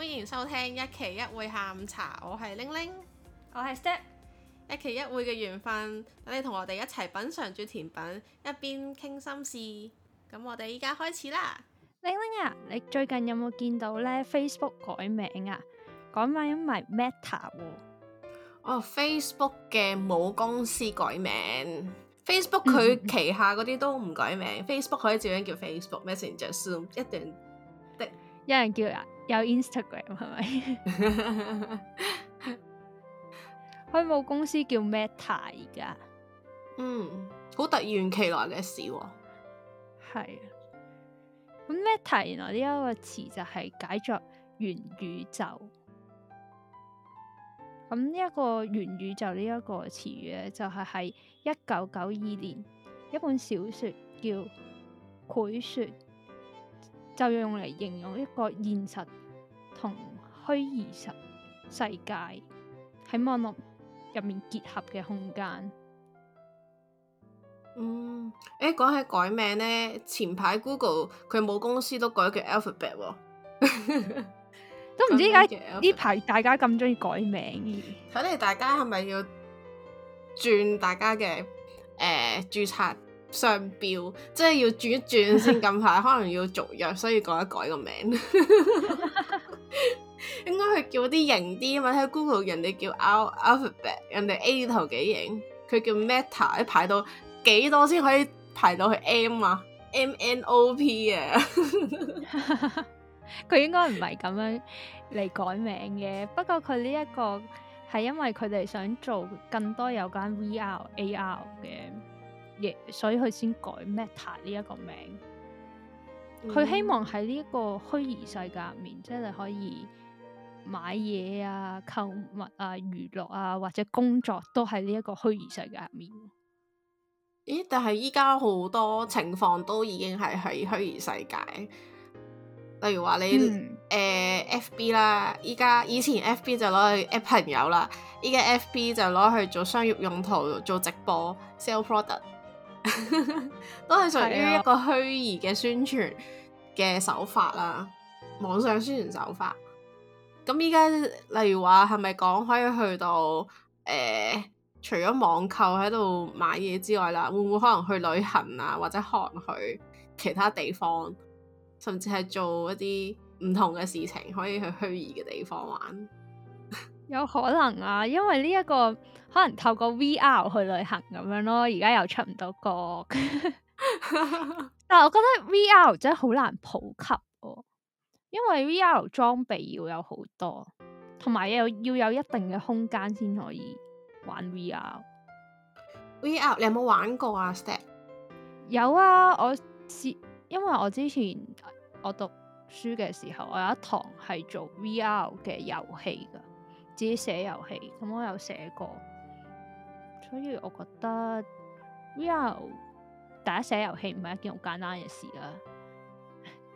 歡迎收聽一期一會下午茶，我係玲玲，我係 Step，一期一會嘅緣分，等你同我哋一齊品嚐住甜品，一邊傾心事。咁我哋依家開始啦，玲玲啊，你最近有冇見到咧，Facebook 改名啊？改名為 Meta 喎。哦，Facebook 嘅母公司改名，Facebook 佢旗下嗰啲都唔改名，Facebook 可以照樣叫 Facebook Messenger，一段的，一樣叫啊。有 Instagram 係咪？宣佈 公司叫 Meta 而家，嗯，好突然其來嘅事喎。係啊，咁 Meta 原來呢一個詞就係解作元宇宙。咁呢一個元宇宙呢一個詞語咧，就係喺一九九二年一本小說叫《潰雪》，就用嚟形容一個現實。同虛擬實世界喺網絡入面結合嘅空間。嗯，誒、欸，講起改名咧，前排 Google 佢冇公司都改叫 Alphabet、哦、 都唔知點解呢排大家咁中意改名。睇嚟，大家係咪要轉大家嘅誒註冊商標，即係要轉一轉先？近排 可能要續約，所以改一改個名。 應該佢叫啲型啲啊嘛？喺 Google 人哋叫 R, Al Alphabet，人哋 A 啲頭幾型，佢叫 Meta，你排到幾多先可以排到去 M 啊？M N O P 啊？佢 應該唔係咁樣嚟改名嘅。不過佢呢一個係因為佢哋想做更多有關 VR AR 嘅嘢，所以佢先改 Meta 呢一個名。佢希望喺呢一個虛擬世界入面，即係你可以。買嘢啊、購物啊、娛樂啊，或者工作都喺呢一個虛擬世界入面。咦？但係依家好多情況都已經係喺虛擬世界，例如話你誒、嗯呃、F B 啦，依家以前 F B 就攞去 App 朋友啦，依家 F B 就攞去做商業用途、做直播、sell product， 都係屬於一個虛擬嘅宣傳嘅手法啦，啊、網上宣傳手法。咁依家，例如話係咪講可以去到誒、呃，除咗網購喺度買嘢之外啦，會唔會可能去旅行啊，或者可能去其他地方，甚至係做一啲唔同嘅事情，可以去虛擬嘅地方玩？ 有可能啊，因為呢、這、一個可能透過 VR 去旅行咁樣咯。而家又出唔到國， 但係我覺得 VR 真係好難普及哦、啊。因為 VR 裝備要有好多，同埋又要有一定嘅空間先可以玩 VR。VR 你有冇玩過啊？Step 有啊，我之因為我之前我讀書嘅時候，我有一堂係做 VR 嘅遊戲㗎，自己寫遊戲，咁我有寫過，所以我覺得 VR 大家寫遊戲唔係一件好簡單嘅事啦。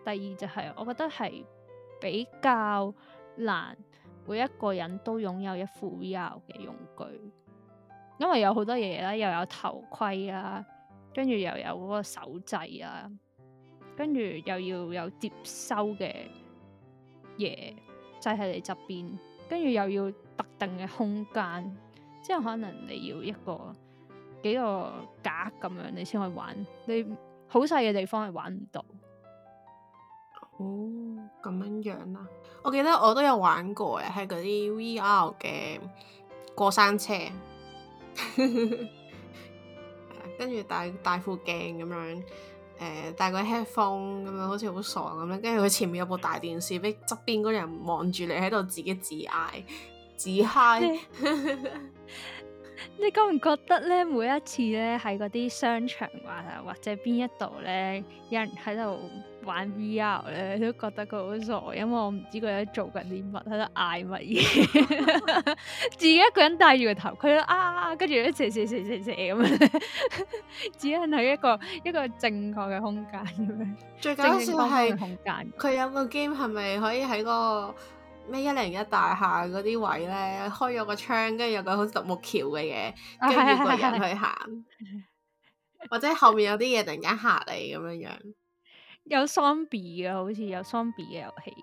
第二就係、是，我覺得係比較難，每一個人都擁有一副 VR 嘅用具，因為有好多嘢啦，又有頭盔啊，跟住又有嗰個手掣啊，跟住又要有接收嘅嘢，即係你側邊，跟住又要特定嘅空間，即係可能你要一個幾個格咁樣，你先可以玩，你好細嘅地方係玩唔到。哦，咁樣樣啊。我記得我都有玩過嘅，係嗰啲 VR 嘅過山車，跟住戴戴副鏡咁樣，誒、呃、戴個 headphone 咁樣，好似好傻咁咧。跟住佢前面有部大電視，俾側邊嗰人望住你喺度自己自嗌自 high 你覺唔 覺得咧？每一次咧喺嗰啲商場話或者邊一度咧，有人喺度。玩 VR 咧，都覺得佢好傻，因為我唔知佢喺度做緊啲乜，喺度嗌乜嘢， 自己一個人戴住個頭盔，啊，跟住一射射射射射咁樣，只係 一個一個正確嘅空間咁樣，正確空間。佢有個 game 係咪可以喺個咩一零一大廈嗰啲位咧，開咗個窗，跟住有個好獨木橋嘅嘢，跟住、啊、個人去行，啊、或者後面有啲嘢突然間嚇你咁樣樣。有 m 喪屍嘅，好似有 m 喪屍嘅遊戲。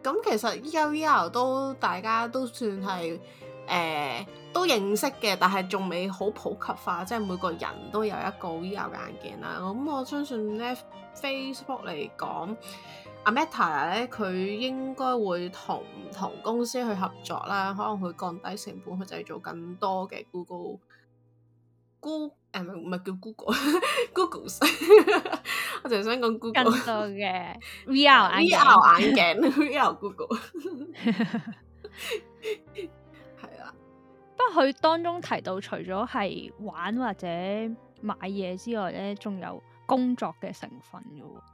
咁、嗯、其實依家 VR 都大家都算係誒、呃、都認識嘅，但係仲未好普及化，即係每個人都有一個 VR 眼鏡啦。咁、嗯、我相信咧 Facebook 嚟講，阿 Meta 咧，佢應該會同唔同公司去合作啦，可能去降低成本去製造更多嘅 Google Google。誒，唔係唔係叫 Google，Google， 's, 我就想講 Google。更多嘅 VR 眼鏡 ，VR 眼鏡 VR Google，係啊。不過佢當中提到，除咗係玩或者買嘢之外咧，仲有工作嘅成分噶。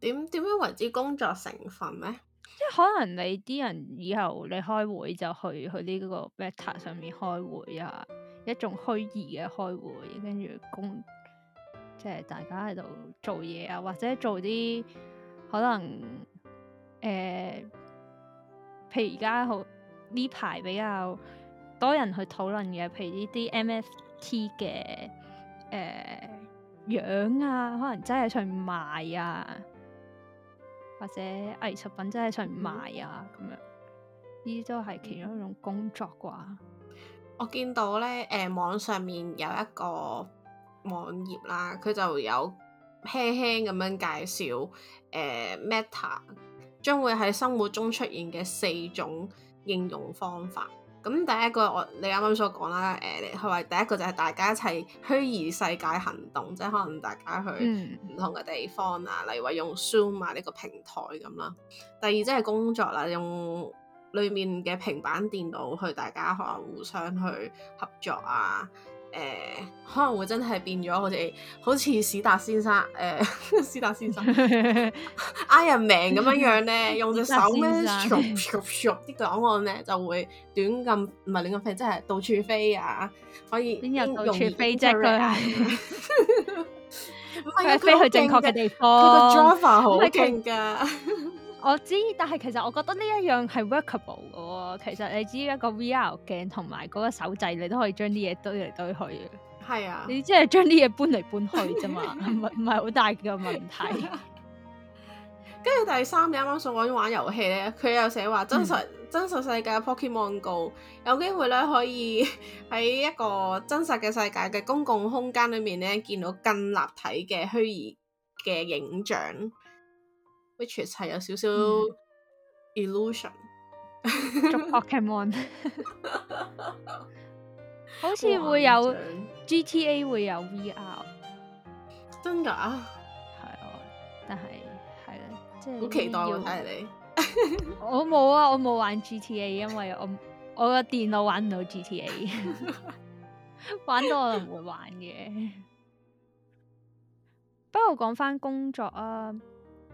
點點樣，樣為之工作成分咧？即係可能你啲人以後你開會就去去呢個 Meta 上面開會啊。一種虛擬嘅開會，跟住工即係大家喺度做嘢啊，或者做啲可能誒、呃，譬如而家好呢排比較多人去討論嘅，譬如呢啲 MFT 嘅誒、呃、樣啊，可能真係上賣啊，或者藝術品真係上賣啊咁樣，呢啲都係其中一種工作啩。我見到咧，誒、呃、網上面有一個網頁啦，佢就有輕輕咁樣介紹，誒、呃、Meta 將會喺生活中出現嘅四種應用方法。咁第一個我你啱啱所講啦，誒佢話第一個就係大家一齊虛擬世界行動，即係可能大家去唔同嘅地方啊，嗯、例如話用 Zoom 啊呢、個平台咁啦。第二即係工作啦、啊，用。裏面嘅平板電腦，去大家可能互相去合作啊，誒、呃，可能會真係變咗好似好似史達先生誒、呃，史達先生嗌人名咁樣樣咧，用隻手咧，啲 檔案咧就會短撳唔係亂咁飛，即係到處飛啊，可以容易飛出去，飛去正確嘅地方，佢個 driver 好勁㗎。 我知，但係其實我覺得呢一樣係 workable 嘅喎、哦。其實你只要一個 VR 鏡同埋嗰個手掣，你都可以將啲嘢堆嚟堆去嘅。係啊，你即係將啲嘢搬嚟搬去啫嘛，唔係唔係好大嘅問題。跟住 第三，你啱啱所講玩遊戲咧，佢又寫話真實、嗯、真實世界 Pokemon Go 有機會咧可以喺一個真實嘅世界嘅公共空間裏面咧見到更立體嘅虛擬嘅影像。which is 係有少少 illusion，捉 pokemon，好似會有 GTA 會有 VR，真㗎？係啊，但係係咯，即係好期待睇你。我冇啊，我冇玩 GTA，因為我我個電腦玩唔到 GTA，玩到我就唔會玩嘅。不過講返工作啊。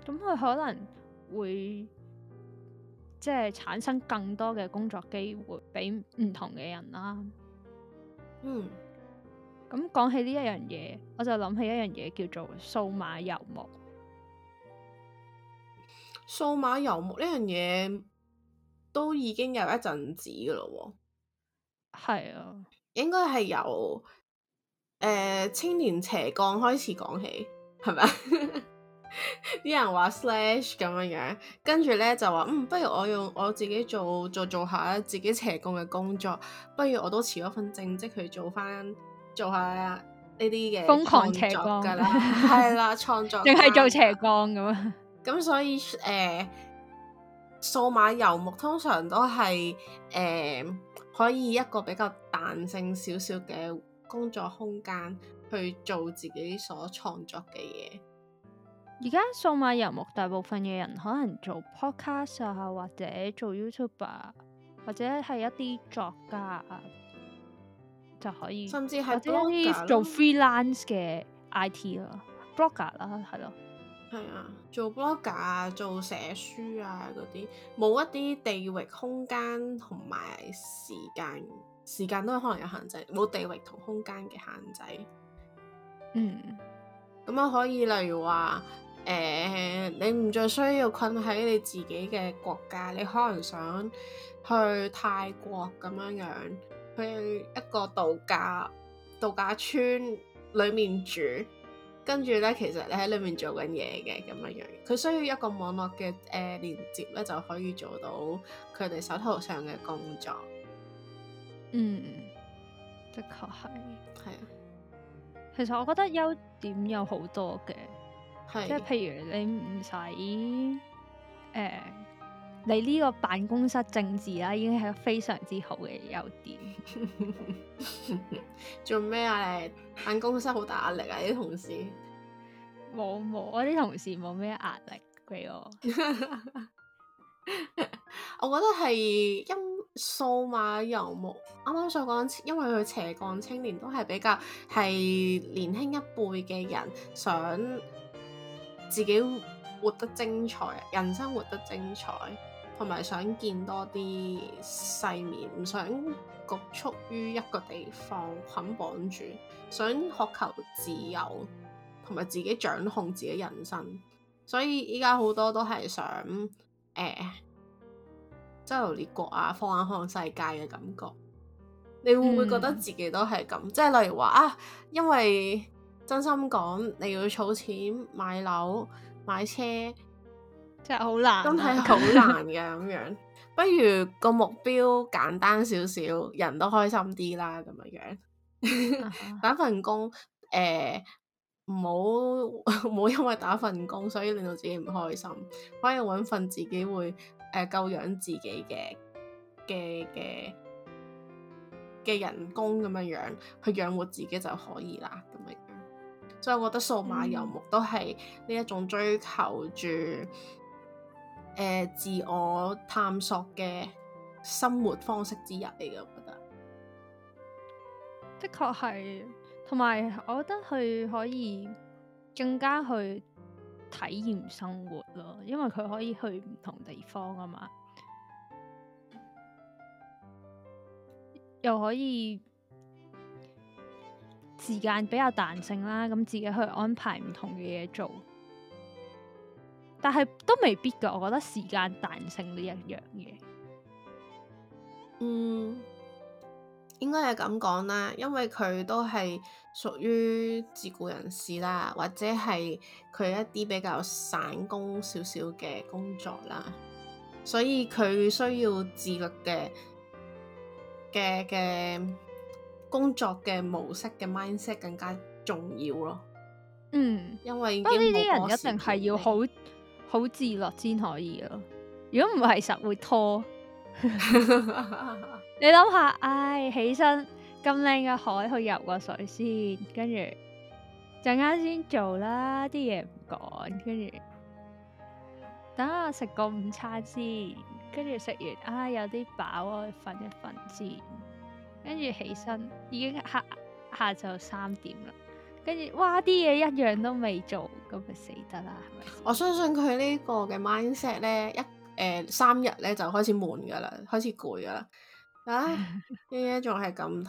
咁佢可能會即係、就是、產生更多嘅工作機會俾唔同嘅人啦。嗯，咁講起呢一樣嘢，我就諗起一樣嘢叫做數碼遊牧。數碼遊牧呢樣嘢都已經有一陣子㗎喇喎。係啊，應該係由誒、呃、青年斜槓開始講起，係咪？ 啲人話 slash 咁樣樣，跟住咧就話，嗯，不如我用我自己做，做做下自己斜槓嘅工作。不如我都辭咗份正職去做翻，做下呢啲嘅瘋狂斜槓噶啦，係 啦，創作定係 做斜槓咁啊。咁 所以誒，數碼遊牧通常都係誒、呃，可以一個比較彈性少少嘅工作空間，去做自己所創作嘅嘢。而家數碼遊牧大部分嘅人可能做 podcast 啊，或者做 YouTube 啊，或者係一啲作家啊，就可以甚至係做 freelance 嘅 IT 咯，blogger 啦，係咯、啊，係啊，啊，啊，做 blogger 啊，做寫書啊嗰啲，冇一啲地域空間同埋時間時間都可能有限制，冇地域同空間嘅限制。嗯，咁啊、嗯、可以例如話。誒、欸，你唔再需要困喺你自己嘅國家，你可能想去泰國咁樣樣，去一個度假度假村裏面住，跟住咧，其實你喺裏面做緊嘢嘅咁樣樣，佢需要一個網絡嘅誒、呃、連接咧就可以做到佢哋手頭上嘅工作。嗯，的確係。係啊，的其實我覺得優點有好多嘅。是即係譬如你唔使誒，你呢個辦公室政治啦、啊，已經係非常之好嘅優點。 做咩啊？辦公室好大壓力啊！啲同事冇冇我啲同事冇咩壓力俾我，我覺得係因數碼遊牧啱啱想講，剛剛因為佢斜槓青年都係比較係年輕一輩嘅人想。自己活得精彩，人生活得精彩，同埋想見多啲世面，唔想局促於一個地方捆綁住，想渴求自由，同埋自己掌控自己人生。所以依家好多都係想，誒、欸，周遊列國啊，放眼看世界嘅感覺。你會唔會覺得自己都係咁？嗯、即係例如話啊，因為。真心講，你要儲錢買樓買車，真係好難、啊，真係好難嘅咁樣。 不如個目標簡單少少，人都開心啲啦咁樣樣。 打份工，誒、呃，唔好唔好因為打份工，所以令到自己唔開心，反而揾份自己會誒夠、呃、養自己嘅嘅嘅嘅人工咁樣樣去養活自己就可以啦咁樣。所以我覺得數碼遊牧都係呢一種追求住誒、嗯呃、自我探索嘅生活方式之一嚟嘅，我覺得。的確係，同埋我覺得佢可以更加去體驗生活咯，因為佢可以去唔同地方啊嘛，又可以。時間比較彈性啦，咁自己去安排唔同嘅嘢做，但係都未必㗎。我覺得時間彈性呢一樣嘢，嗯，應該係咁講啦，因為佢都係屬於自僱人士啦，或者係佢一啲比較散工少少嘅工作啦，所以佢需要自律嘅嘅嘅。工作嘅模式嘅 mindset 更加重要咯。嗯，因為呢啲人一定係要好、嗯、好自律先可以咯。如果唔係實會拖。 你諗下，唉、哎，起身咁靚嘅海去游個水先，跟住陣間先做啦，啲嘢唔趕，跟住等下食個午餐先，跟住食完啊、哎、有啲飽啊，瞓一瞓先。跟住起身，已經下下晝三點啦。跟住哇，啲嘢一樣都未做，咁咪死得啦，係咪？我相信佢呢個嘅 mindset 咧，一誒三日咧就開始悶噶啦，開始攰噶啦。唉、哎，依家仲係咁頹，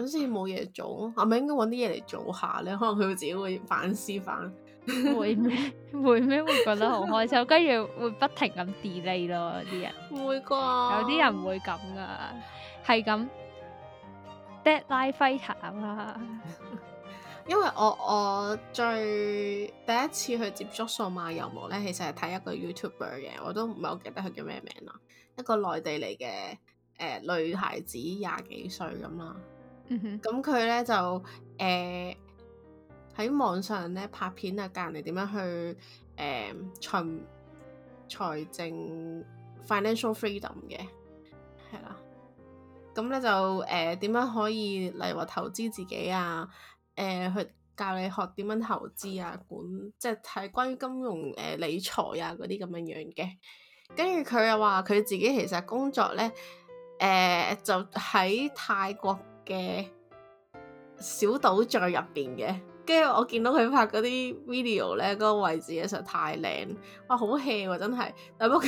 好似冇嘢做，係咪應該揾啲嘢嚟做下咧？可能佢會自己會反思翻， 會咩？會咩？會覺得好開心，跟住 會不停咁 delay 咯啲人，唔會啩吧？有啲人唔會咁噶，係咁。Deadline fighter 啦，因為我我最第一次去接觸數碼遊牧咧，其實係睇一個 YouTuber 嘅，我都唔係好記得佢叫咩名啦。一個內地嚟嘅誒女孩子，廿幾歲咁啦。嗯哼，呃呃，嗯咁佢咧就誒喺網上咧拍片啊，教人哋點樣去誒財財政 financial freedom 嘅，係啦。咁咧就誒、呃、點樣可以例如話投資自己啊？誒、呃、去教你學點樣投資啊，管即係睇關於金融誒、呃、理財啊嗰啲咁樣樣嘅。跟住佢又話佢自己其實工作咧誒、呃、就喺泰國嘅小島嶼入邊嘅。跟住我見到佢拍嗰啲 video 咧，嗰、嗰個位置實在太靚，哇好 hea 喎真係、啊，但不過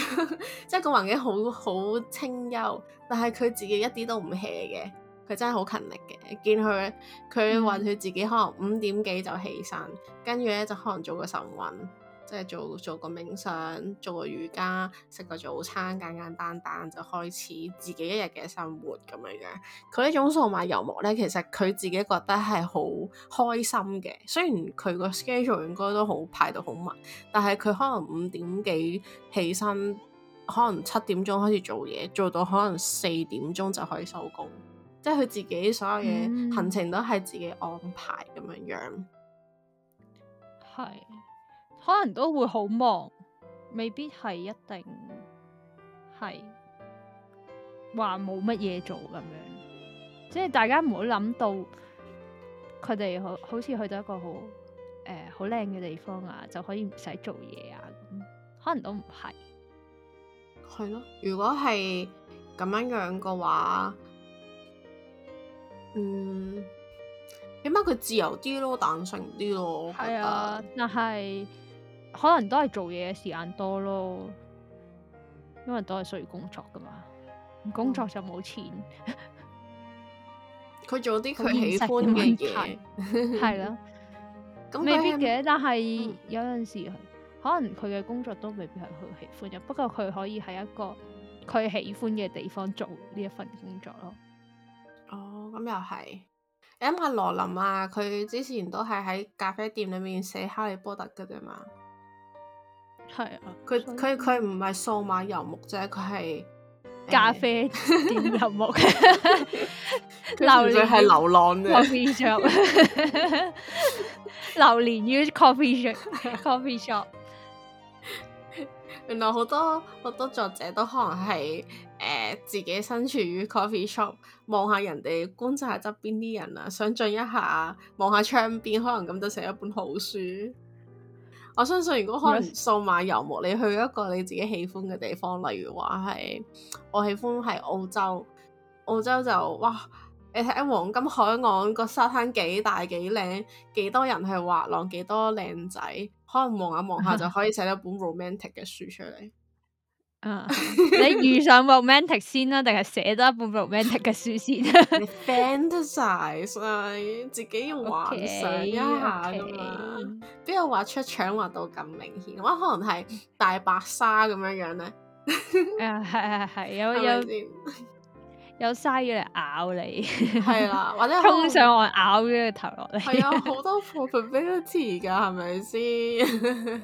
即係個環境好好清幽，但係佢自己一啲都唔 hea 嘅，佢真係好勤力嘅。見佢，佢話佢自己可能五點幾就起身，跟住咧就可能做個晨運。即係做做個冥想，做個瑜伽，食個早餐，簡簡單單就開始自己一日嘅生活咁樣樣。佢呢種數碼遊牧咧，其實佢自己覺得係好開心嘅。雖然佢個 schedule 應該都好排到好密，但係佢可能五點幾起身，可能七點鐘開始做嘢，做到可能四點鐘就可以收工。即係佢自己所有嘢行程都係自己安排咁樣、嗯嗯、樣。係。可能都會好忙，未必係一定係話冇乜嘢做咁樣，即係大家唔好諗到佢哋好好似去到一個好誒好靚嘅地方啊，就可以唔使做嘢啊咁，可能都唔係。係咯、啊，如果係咁樣樣嘅話，嗯，點解佢自由啲咯，坦誠啲咯。係啊吧，但係。可能都係做嘢嘅時間多咯，因為都係需要工作噶嘛。唔工作就冇錢。佢、嗯、 做啲佢喜歡嘅嘢，係啦、 嗯， 嗯嗯、未必嘅。但係有陣時，可能佢嘅工作都未必係佢喜歡嘅。不過佢可以喺一個佢喜歡嘅地方做呢一份工作咯。哦，咁又係。你諗下羅琳啊，佢之前都係喺咖啡店裏面寫《哈利波特》噶啫嘛。係啊，佢佢佢唔係數碼遊牧者，佢係咖啡店遊牧嘅，佢純粹係流浪嘅。Coffee shop，流連於 coffee shop，coffee shop。原來好多好多作者都可能係誒、呃、自己身處於 coffee shop，望下人哋觀察下側邊啲人啊，想進一下望下窗邊，可能咁就寫一本好書。我相信，如果可能，數碼遊牧，你去一個你自己喜歡嘅地方，例如話係，我喜歡係澳洲，澳洲就，哇，你睇黃金海岸個沙灘幾大幾靚，幾多人係滑浪，幾多靚仔，可能望下望下就可以寫一本 romantic 嘅書出嚟。 啊！Uh, 你遇上 romantic 先啦，定係寫一本 romantic 嘅書先？你 fantasize 自己用幻想一下噶嘛 Okay, okay.？邊有畫出腸畫到咁明顯？我可能係大白鯊咁樣樣咧。啊，係係係有有有鯊魚嚟咬你。係 啦，或者衝上岸咬咗個頭落嚟。 係啊，好多 possibility 噶，係咪先？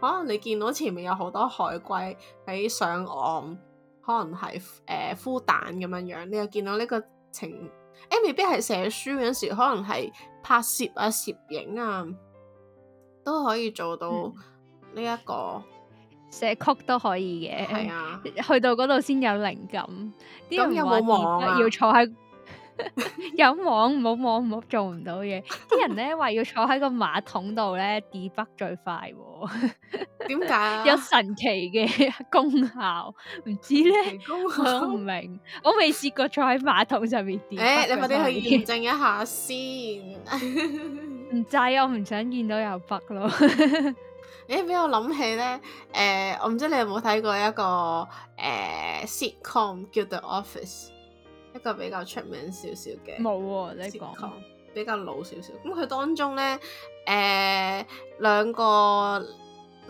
可能你見到前面有好多海龜喺上岸，可能係誒孵蛋咁樣樣，你又見到呢個情，誒、欸、未必係寫書嗰陣時，可能係拍攝啊、攝影啊，都可以做到呢、這、一個、嗯、寫曲都可以嘅。係啊，去到嗰度先有靈感。啲咁、嗯、有冇網、啊、要坐喺。 有網冇 網好，網做唔到嘢，啲人咧話要坐喺個馬桶度咧，跌北最快，點 解？有神奇嘅功效，唔知咧，我唔明，我未試過坐喺馬桶上面跌。誒、欸，你快啲去驗證一下先，唔制， 我唔想見到有北咯。誒、 欸，俾我諗起咧，誒、呃，我唔知你有冇睇過一個誒、呃、sitcom 叫《The Office》。一個比較出名少少嘅，冇，你講比較老少少。咁、嗯、佢當中咧，誒、呃，兩個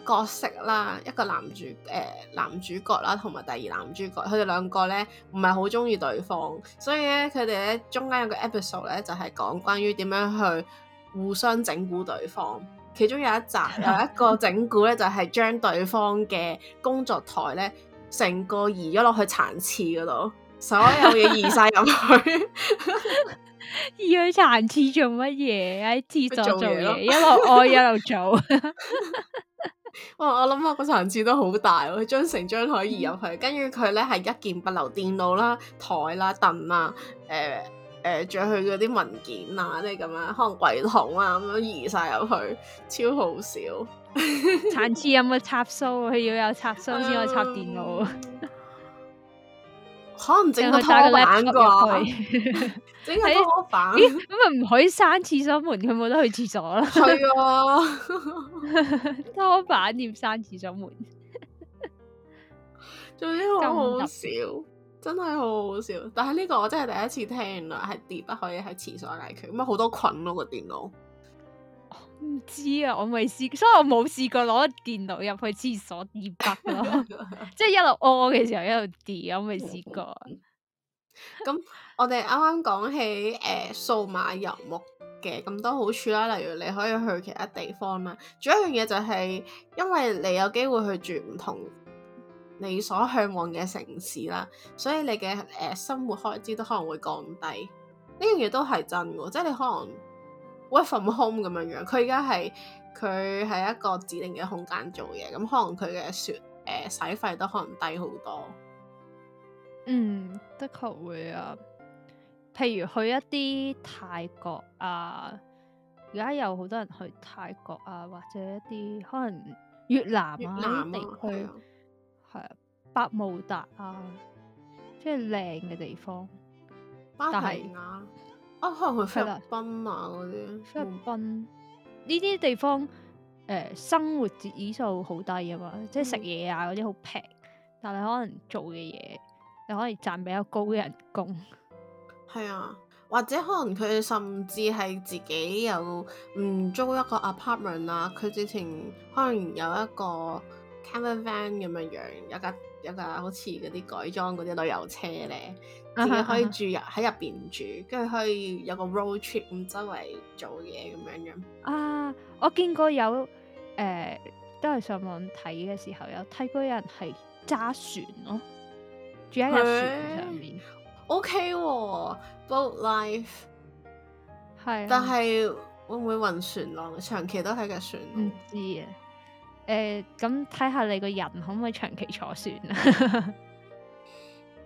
角色啦，一個男主，誒、呃、男主角啦，同埋第二男主角，佢哋兩個咧唔係好中意對方，所以咧佢哋咧中間有個 episode 咧就係、是、講關於點樣去互相整蠱對方。其中有一集有一個整蠱咧就係、是、將對方嘅工作台咧成個移咗落去殘廁嗰度。所有嘢移晒入去，移去 殘廁做乜嘢？喺廁所做嘢 事吧，一路我一路做。 哇！我諗下個殘廁都好大喎，佢將成張台移入去，跟住佢咧係一件不留電腦啦、台啦、凳啊、誒、呃、誒，仲有佢嗰啲文件啊，即係咁樣，可能櫃桶啊咁樣移晒入去，超好笑。 殘廁有冇插蘇？佢要有插蘇先可以插電腦。Uh, 可能整個拖板過去，啊，整用他 個拖板 咦咁咪唔可以閂廁所門？佢冇得去廁所啦。係 是啊， 拖板要閂廁所門，做 啲好好笑，多真係好好笑。但係呢個我真係第一次聽啦，原來係碟不可以喺廁所解決，咁咪好多菌咯、啊、個電腦。唔知啊，我未試過，所以我冇試過攞電腦入去廁所二筆咯，即係 一路屙嘅時候一路跌。我未試過。咁、 嗯、我哋啱啱講起誒數碼游牧嘅咁多好處啦，例如你可以去其他地方啦，仲有一樣嘢就係，因為你有機會去住唔同你所向往嘅城市啦，所以你嘅誒、呃、生活開支都可能會降低，呢樣嘢都係真嘅，即係你可能。From home 咁樣樣，佢而家係佢喺一個指定嘅空間做嘢，咁可能佢嘅雪誒、呃、洗費都可能低好多。嗯，的確會啊，譬如去一啲泰國啊，而家有好多人去泰國啊，或者一啲可能越南啊啲、啊、地區，係啊，百慕、啊、達啊，即係靚嘅地方，巴來亞、啊。啊，oh, 可能去菲律賓啊，嗰啲菲律賓呢啲地方，誒、呃、生活指數好低啊嘛，嗯、即係食嘢啊嗰啲好平，但係可能做嘅嘢，你可以賺比較高嘅人工。係啊，或者可能佢甚至係自己有唔租一個 apartment 啊，佢之前可能有一個 caravan 咁樣樣，有一間。好似嗰啲改裝嗰啲旅遊車咧，uh huh. 自己可以住入喺入邊住，跟住、uh huh. 可以有個 road trip 咁周圍做嘢咁樣樣啊！Uh, 我見過有誒、呃，都係上網睇嘅時候有睇過有人係揸船咯、喔，住喺個船上面，O K boat life 係 Yeah.，但係會唔會暈船咯？長期都喺架船，唔知啊～誒，咁睇下你個人可唔可以長期坐船啊？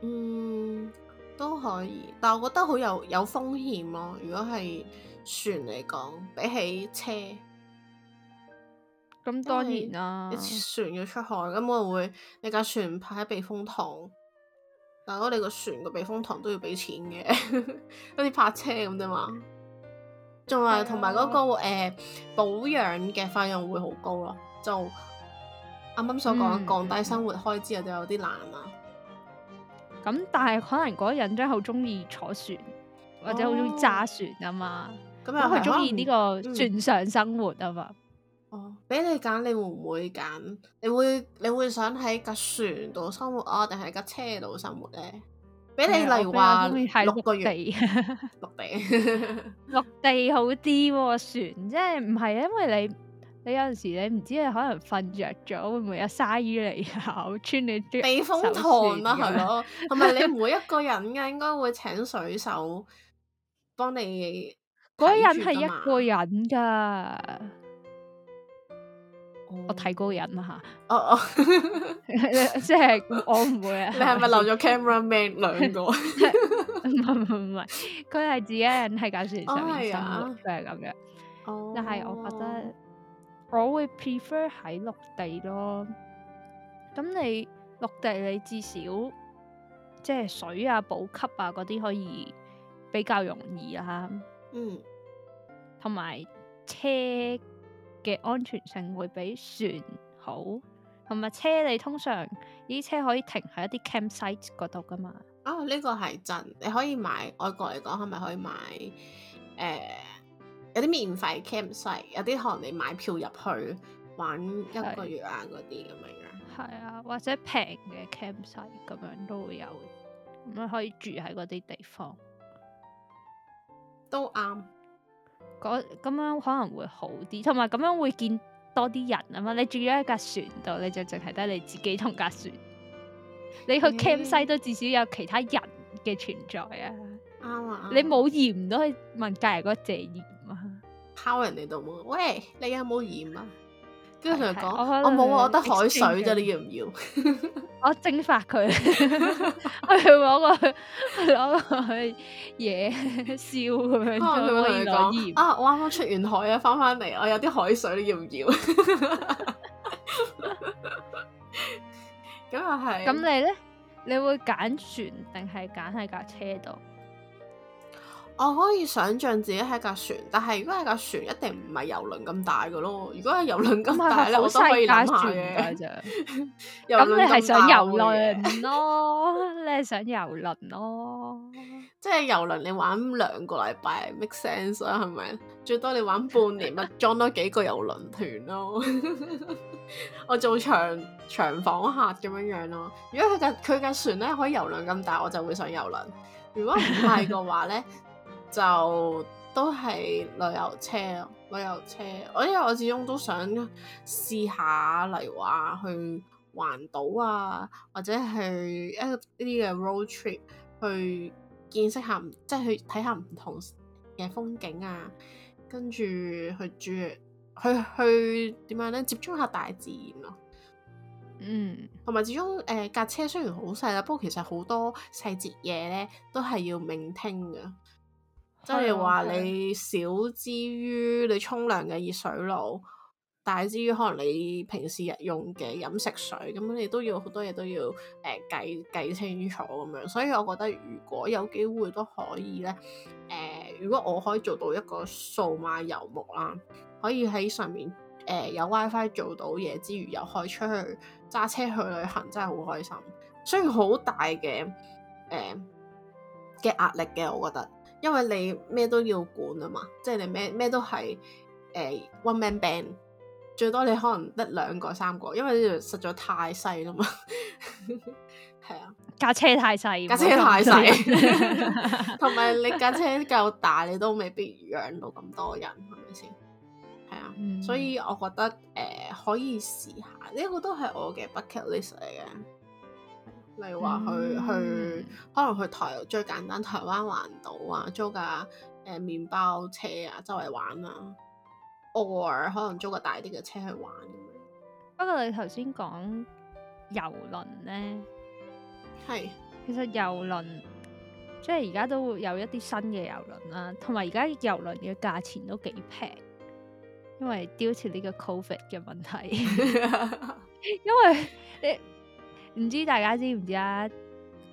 嗯，都可以，但係我覺得好有有風險咯、啊。如果係船嚟講，比起車，咁為當然啦。一次船要出海，咁、嗯、我會你架船泊喺避風塘，但我哋個船個避風塘都要俾錢嘅，好 似泊車咁啫嘛。仲係同埋嗰個誒、呃、保養嘅費用會好高咯、啊。就啱啱所講降低生活開支啊，就有啲難啊。咁、嗯嗯嗯嗯、但係可能嗰人真係好中意坐船，或者好中意揸船啊嘛。咁佢中意呢個船上生活啊嘛。哦，俾你揀，你會唔會揀？你會你會想喺架船度生活啊，定係架車度生活咧？俾你例如話係六個月，陸地，陸 陸地，陸 地好啲喎、啊。船即係唔係因為你。你有陣時你唔知，你可能瞓着咗，會唔會有鯊魚嚟咬穿你？避風塘啦，係咯，同埋你每一個人噶，應該會請水手幫你。嗰人係一個人噶，oh. 我睇過人啦吓。哦哦，即係我唔會啊！你係咪留咗 camera man 兩個？唔係唔係唔係，佢係自己人，係搞船上面生活，就係咁樣。哦，但係我覺得。 我會 prefer 喺陸地咯，咁你陸地你至少即係水啊、補給啊嗰啲可以比較容易啦，啊。嗯，同埋車嘅安全性會比船好，同埋車你通常啲車可以停喺一啲 campsite 嗰度㗎嘛？啊，呢、這個係真，你可以買。外國嚟講係咪可以買？誒、呃。有啲免費 campsite 有啲可能你買票入去玩一個月啊，嗰啲咁樣。係啊，或者平嘅 campsite 咁樣都會有咁啊，可以住喺嗰啲地方都啱對。嗰咁樣可能會好啲，同埋咁樣會見多啲人啊嘛。你住咗一架船度，你就淨係得你自己同架船。你去 campsite 都至少有其他人嘅存在啊。啱啊、嗯！你冇嫌到去問隔籬嗰謝意。敲人哋度喎，喂，你有冇鹽啊？跟住同佢講，我冇我，我得海水啫，你要唔要？我蒸發佢， 我攞個攞個嘢燒咁樣，可唔可以攞鹽啊？我啱啱鹽、啊、出完海啊，翻翻嚟我有啲海水，你要唔要？咁又係，咁你咧？你會揀船定係揀喺架車度？我可以想象自己係架船，但係如果係架船，一定唔係遊輪咁大噶咯。如果係遊輪咁大咧，是我都可以諗下嘅。咁、嗯、 你係想遊輪咯？ 你係想遊輪咯？即係遊輪，你玩兩個禮拜 make sense 啊？係咪？ 最多你玩半年，咪裝多幾個遊輪團咯。 我做長長房客咁樣樣咯。如果佢架佢架船咧可以遊輪咁大，我就會上遊輪。如果唔係嘅話咧。 就都係旅遊車，旅遊車。我因為我始終都想試下，例如話去環島啊，或者去一啲嘅 road trip 去見識下，即係去睇下唔同嘅風景啊，跟住去住去去點樣咧，接觸下大自然咯、啊。嗯，同埋始終誒架、呃、車雖然好細啦，不過其實好多細節嘢咧都係要命聽嘅。即係話你少之於你沖涼嘅熱水爐，大之於可能你平時日用嘅飲食水咁，你都要好多嘢都要誒、呃、計計清楚咁樣。所以我覺得如果有機會都可以咧，誒、呃，如果我可以做到一個數碼遊牧啦，可以喺上面誒、呃、有 WiFi 做到嘢之餘，又可以出去揸車去旅行，真係好開心。雖然好大嘅誒嘅壓力嘅，我覺得。因為你咩都要管啊嘛，即係你咩咩都係誒、呃、one man band，最多你可能得兩個三個，因為呢度實在太細啦嘛。係 啊，架車太細，架車太細，同埋 你架車夠大，你都未必養到咁多人，係咪先？係啊，嗯、所以我覺得誒、呃、可以試下，呢、呢個都係我嘅 bucket list 嚟嘅。例如話去、嗯、去，可能去台最簡單台灣環島啊，租架誒麪包車啊，周圍玩啊 or 可能租個大啲嘅車去玩。不過你頭先講遊輪呢，係是其實遊輪即係而家都會有一啲新嘅遊輪啦、啊，同埋而家遊輪嘅價錢都幾平，因為 due to 呢個 COVID 嘅問題， 因為你唔知大家知唔知啊？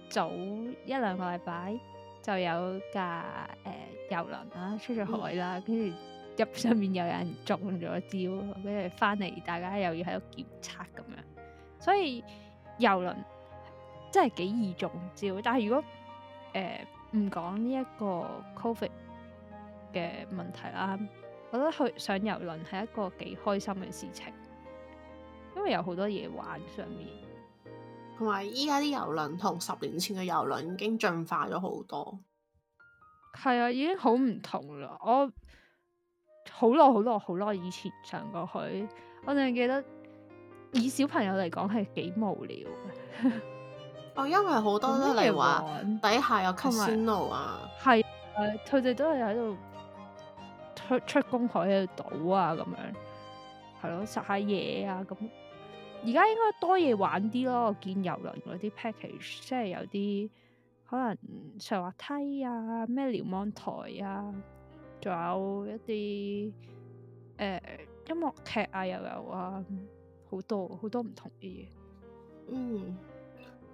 早一兩個禮拜就有架誒遊輪啦，出咗海啦，跟住入上面又有人中咗招，跟住翻嚟大家又要喺度檢測咁樣，所以遊輪真係幾易中招。但係如果誒唔講呢一個 COVID 嘅問題啦，我覺得去上遊輪係一個幾開心嘅事情，因為有好多嘢玩上面。同埋依家啲遊輪同十年前嘅遊輪已經進化咗好多，係啊，已經好唔同啦！我好耐好耐好耐以前上過去，我淨係記得以小朋友嚟講係幾無聊， 哦，因為好多都嚟玩，底下有吸 a s 啊，係誒、啊，佢哋都係喺度出出公海喺度賭啊，咁樣係咯，食、啊、下嘢啊咁。而家應該多嘢玩啲咯，我見遊輪嗰啲 package，即係有啲可能上滑梯啊，咩瞭望台啊，仲有一啲誒、呃、音樂劇啊，又有啊，好多好多唔同嘅嘢。嗯，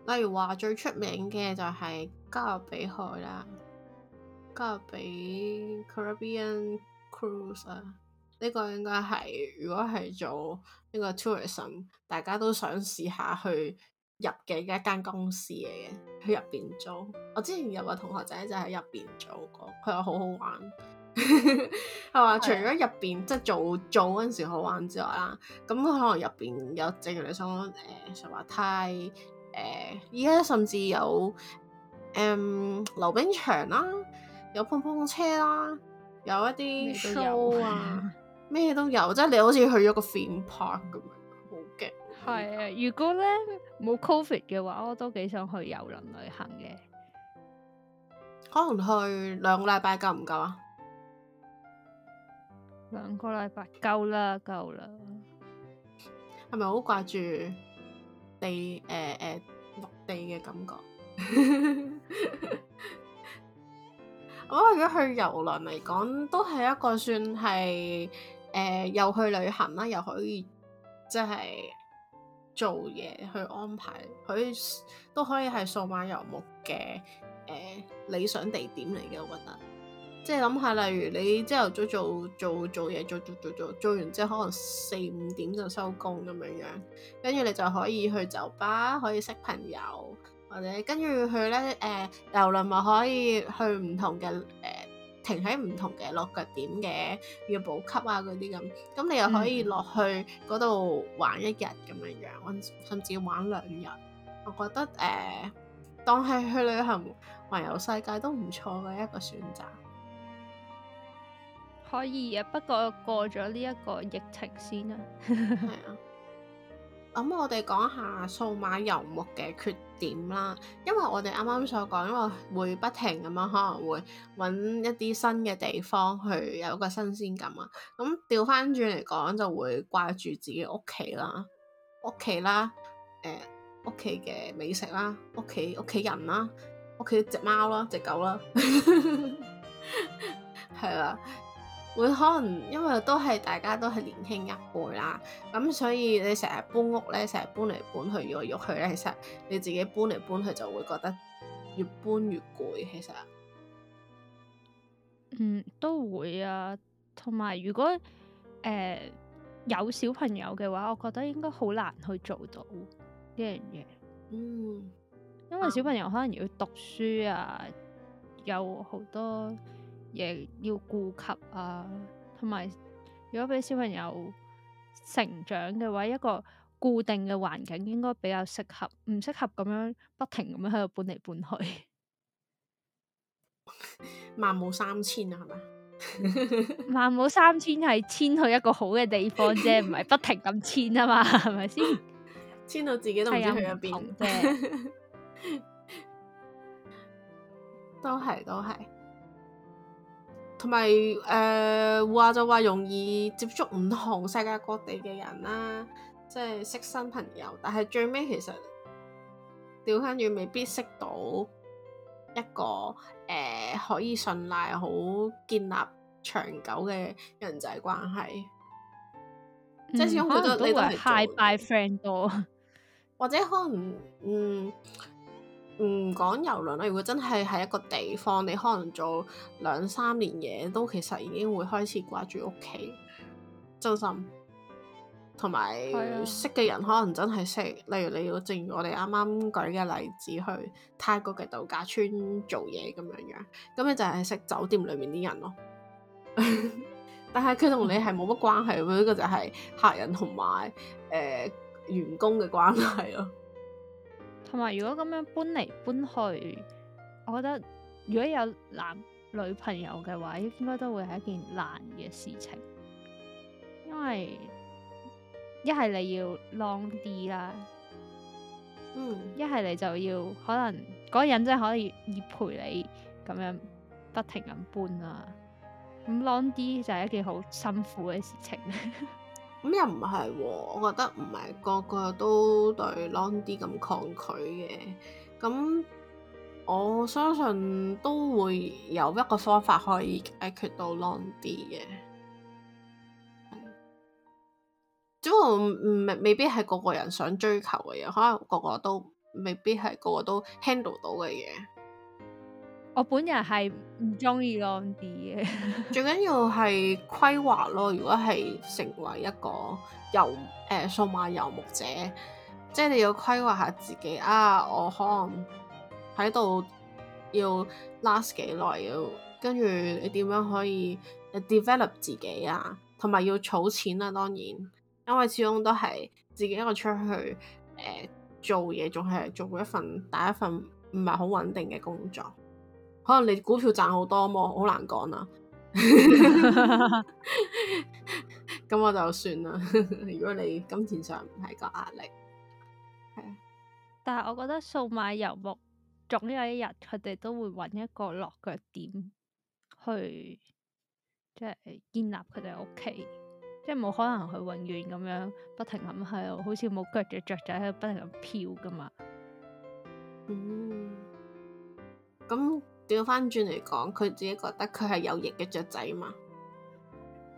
例如話最出名嘅就係加勒比海啦，加勒比 Caribbean Cruise 啊。呢個應該係如果係做呢個 tourism，大家都想試下去入嘅一間公司嚟嘅，去入邊做。我之前有個同學仔就喺入邊做過，佢話好好玩。係 嘛吧？對除咗入邊即係做做嗰陣時好玩之外啦，咁可能入邊有正如你想講誒，實、呃、話太誒，而、呃、家甚至有誒溜冰場啦、啊，有碰碰車啦、啊，有一啲、啊、show 啊。嗯咩都有，即係你好似去咗個 theme park 咁。好驚，係啊。如果咧冇 COVID 嘅話，我都幾想去郵輪旅行嘅。可能去兩個禮拜夠唔夠啊？兩個禮拜夠啦，夠啦。係咪好掛住地？誒誒，陸地嘅感覺。我如果去郵輪嚟講，都係一個算係。誒、呃、又去旅行啦，又可以即係做嘢去安排，佢都可以係數碼遊牧嘅誒理想地點嚟嘅，我覺得。即係諗下，例如你朝頭早做做做嘢，做做做做做，做完之後，可能四五點就收工咁樣樣，跟住你就可以去酒吧，可以識朋友，或者跟住去咧誒，郵輪咪可以去唔同嘅誒。呃停喺唔同嘅落腳點嘅，要補給啊嗰啲咁，咁你又可以落去嗰度玩一日咁樣樣，甚至甚至玩兩日。我覺得誒、呃，當係去旅行環遊世界都唔錯嘅一個選擇。可以啊，不過過咗呢一個疫情先啦。係啊。 咁、嗯、我哋講下數碼遊牧嘅缺點啦，因為我哋啱啱所講，因為會不停咁樣可能會揾一啲新嘅地方去有一個新鮮感啊。咁掉返轉嚟講，就會掛住自己屋企啦、屋企啦、誒屋企嘅美食啦、屋企屋企人啦、屋企隻貓啦、隻狗啦，係 啦。會可能因為都係大家都係年輕一輩啦，咁所以你成日搬屋咧，成日搬嚟搬去，如果喐佢咧，其實你自己搬嚟搬去就會覺得越搬越攰。其實，嗯，都會啊。同埋如果誒、呃、有小朋友嘅話，我覺得應該好難去做到呢樣嘢。嗯，因為小朋友可能要讀書啊，有好多。嘢要顧及啊，同埋如果俾小朋友成長嘅話，一個固定嘅環境應該比較適合，唔適合咁樣不停咁樣喺度搬嚟搬去。孟母三遷啊，係咪啊？孟母三遷係遷 去一個好嘅地方啫，唔係 不，不停咁遷啊嘛，係咪先？遷到自己都唔知去咗邊。都係，都係。同埋誒話就話容易接觸唔同世界各地嘅人啦、啊，即係識新朋友。但係最尾其實掉翻轉未必識到一個誒、呃、可以信賴、好建立長久嘅人際關係。即係始終好多你都係 hi bye friend 多，或者可能嗯。唔講遊輪啦，如果真係喺一個地方，你可能做兩三年嘢，都其實已經會開始掛住屋企，真心。同埋、嗯、識嘅人可能真係識，例如你要正如我哋啱啱舉嘅例子，去泰國嘅度假村做嘢咁樣樣，咁你就係識酒店裏面啲人咯。 但係佢同你係冇乜關係，佢呢個就係客人同埋誒員工嘅關係咯。同埋如果咁樣搬嚟搬去，我覺得如果有男女朋友嘅話，應該都會係一件難嘅事情，因為一係你要 long 啲啦，嗯，一係你就要可能嗰個人真係可以要陪你咁樣不停咁搬啊，咁 long 啲就係一件好辛苦嘅事情。 咁又唔係喎，我覺得唔係個個都對 long 啲咁抗拒嘅，咁我相信都會有一個方法可以解決到 long 啲嘅，只不過唔未未必係個個人想追求嘅嘢，可能個個都未必係個個都 handle 到嘅嘢。我本人係唔中意浪啲嘅，最緊要係規劃咯。如果係成為一個遊誒、呃、數碼遊牧者，即係你要規劃下自己啊。我可能喺度要 last 幾耐，要跟住你點樣可以 develop 自己啊？同埋要儲錢啊。當然，因為始終都係自己一個出去誒、呃、做嘢，仲係做一份第一份唔係好穩定嘅工作。可能你股票賺好多喎？好難講啊。咁 我就算啦。 如果你金錢上唔係個壓力，但係我覺得數碼遊牧總有一日佢哋都會揾一個落腳點去，即係、即係、建立佢哋屋企，即係冇可能去永遠咁樣不停咁喺度，好似冇腳嘅雀仔喺度不停咁飄噶嘛。嗯，咁。調翻轉嚟講，佢自己覺得佢係有翼嘅雀仔嘛？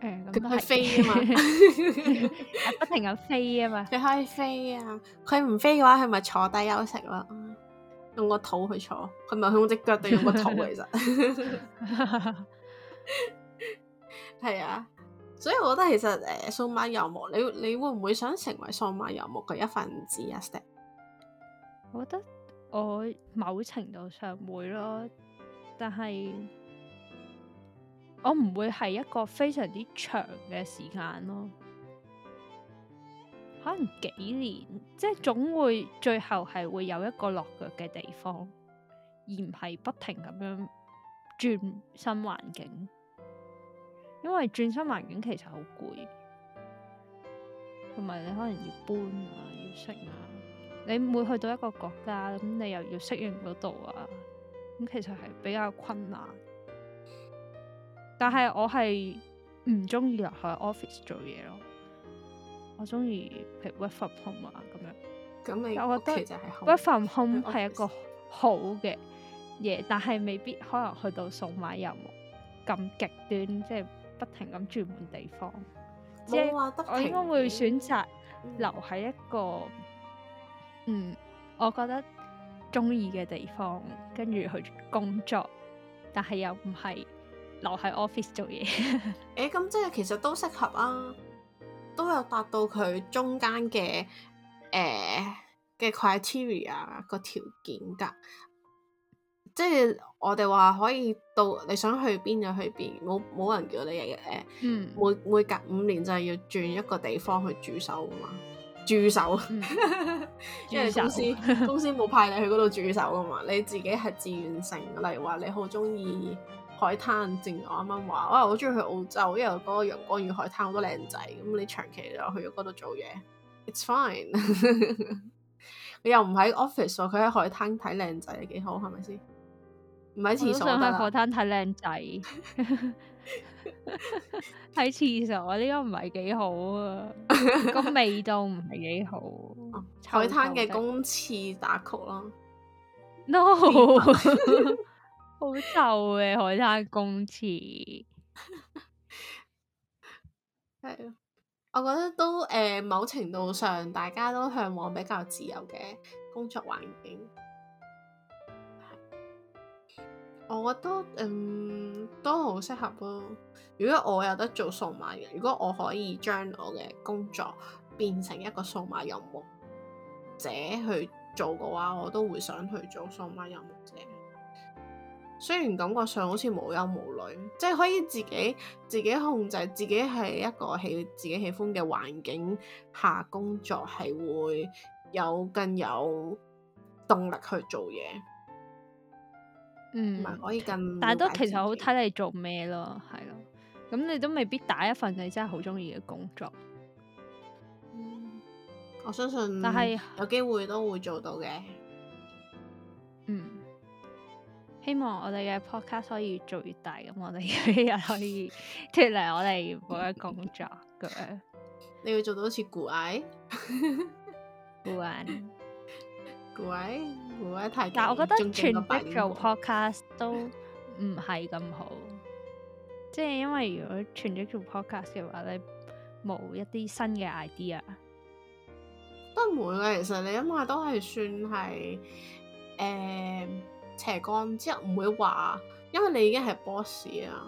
誒、嗯，佢飛啊嘛，是 不停咁飛啊嘛，佢可以飛啊。佢唔飛嘅話，佢咪坐低休息咯。嗯、用個肚去坐，佢咪用隻腳定用個肚 其實。係啊，所以我覺得其實誒數碼游牧，你你，你會唔會想成為數碼游牧嘅一份子啊？step，我覺得我某程度上會咯。但係我唔會係一個非常之長嘅時間咯，可能幾年，即係總會最後係會有一個落腳嘅地方，而唔係不停咁樣轉新環境，因為轉新環境其實好攰，同埋你可能要搬啊，要適應啊，你每去到一個國家咁，你又要適應嗰度啊。咁其實係比較困難，但係我係唔中意落去 office 做嘢咯。我中意譬如 work from home 啊咁樣，我覺得 work from home 係一個好嘅嘢，但係未必可能去到數碼遊牧咁極端，即係不停咁轉換地方。即係我應該會選擇留喺一個嗯，嗯，我覺得中意嘅地方。跟住去工作，但係又唔係留喺 office 做嘢。誒、 欸，咁即係其實都適合啊，都有達到佢中間嘅誒嘅 criteria 個條件㗎。即係我哋話可以到你想去邊就去邊，冇冇人叫你日日誒、嗯，每每隔五年就係要轉一個地方去駐守嘛。駐守，住手 因為公司住手 公司冇派你去嗰度駐守㗎嘛，你自己係自願性。例如話你好中意海灘，正如我啱啱話，哇，我中意去澳洲，因為嗰個陽光與海灘好多靚仔。咁你長期就去咗嗰度做嘢，it's fine。 你又唔喺 office 佢喺海灘睇靚仔幾好，係咪先？唔喺廁所得，我想去海灘睇靚仔。 睇廁 所啊，呢、這個唔係幾好啊，個味道唔係幾好。海灘嘅公廁打曲咯，no，好臭嘅海灘公廁。係 啊， 我覺得都誒、呃，某程度上大家都向往比較自由嘅工作環境。我覺得嗯都好適合咯。如果我有得做數碼人，如果我可以將我嘅工作變成一個數碼遊牧者去做嘅話，我都會想去做數碼遊牧者。雖然感覺上好似無憂無慮，即係可以自己自己控制，自己喺一個喜自己喜歡嘅環境下工作，係會有更有動力去做嘢。嗯，可以咁，但係都其實好睇你做咩咯，係咯，咁你都未必打一份你真係好中意嘅工作，嗯。我相信，但係有機會都會做到嘅。嗯，希望我哋嘅 podcast 可以越做越大，咁我哋有一日可以脫離 我哋原本嘅工作咁 樣。你要做到好似古艾， 玩古艾，古艾。唔會太，但我覺得全職做 podcast、嗯、都唔係咁好，即、就、係、是、因為如果全職做 podcast 嘅話，咧，冇一啲新嘅 idea，都唔會啊，其實你因為都係算係誒斜槓之後，唔、呃就是、會話，因為你已經係 boss 啊，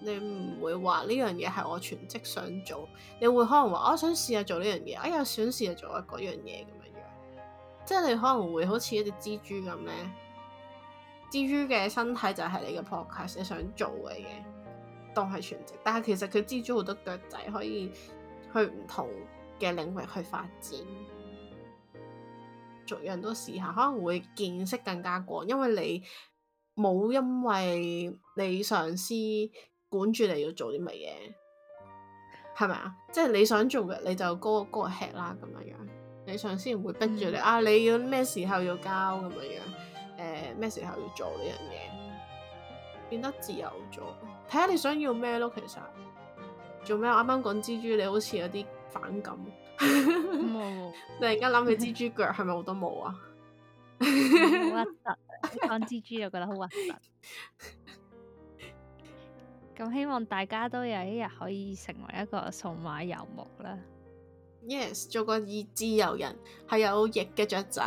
你唔會話呢樣嘢係我全職想做，你會可能話、哦、我想試下做呢樣嘢，哎呀想試下做嗰樣嘢。即係你可能會好似一隻蜘蛛咁咧，蜘蛛嘅身體就係你嘅 podcast，你想做嘅嘢當係全職，但係其實佢蜘蛛好多腳仔可以去唔同嘅領域去發展，逐樣都試下，可能會見識更加廣，因為你冇因為你上司管住你要做啲乜嘢，係咪啊？即係你想做嘅你就嗰、那、嗰個 head 啦，咁、那、樣、個、樣。你上司唔會逼住你、嗯、啊！你要咩時候要交咁樣樣？誒，咩時候要做呢樣嘢？變得自由咗，睇下你想要咩咯。其實做咩？啱啱講蜘蛛，你好似有啲反感。冇、嗯。突然間諗起蜘蛛腳係咪好多毛啊？好核突。講、 嗯、蜘蛛又覺得好核突。咁 希望大家都有一日可以成為一個數碼遊牧啦。Yes，做個以自由人係有翼嘅雀仔。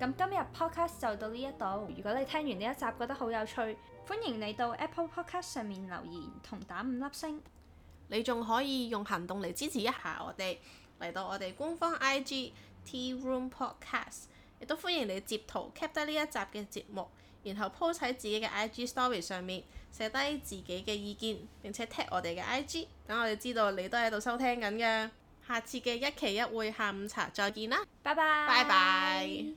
咁今日 podcast 就到呢一度。如果你聽完呢一集覺得好有趣，歡迎你到 Apple Podcast 上面留言同打五粒星。你仲可以用行動嚟支持一下我哋，嚟到我哋官方 IG Tea Room Podcast，亦都歡迎你截圖 keep 得呢一集嘅節目，然後 post 喺自己嘅 IG Story 上面。寫低自己嘅意見，並且 tag 我哋嘅 IG，等我哋知道你都喺度收聽緊嘅。下次嘅一期一會下午茶再見啦，拜拜，拜拜。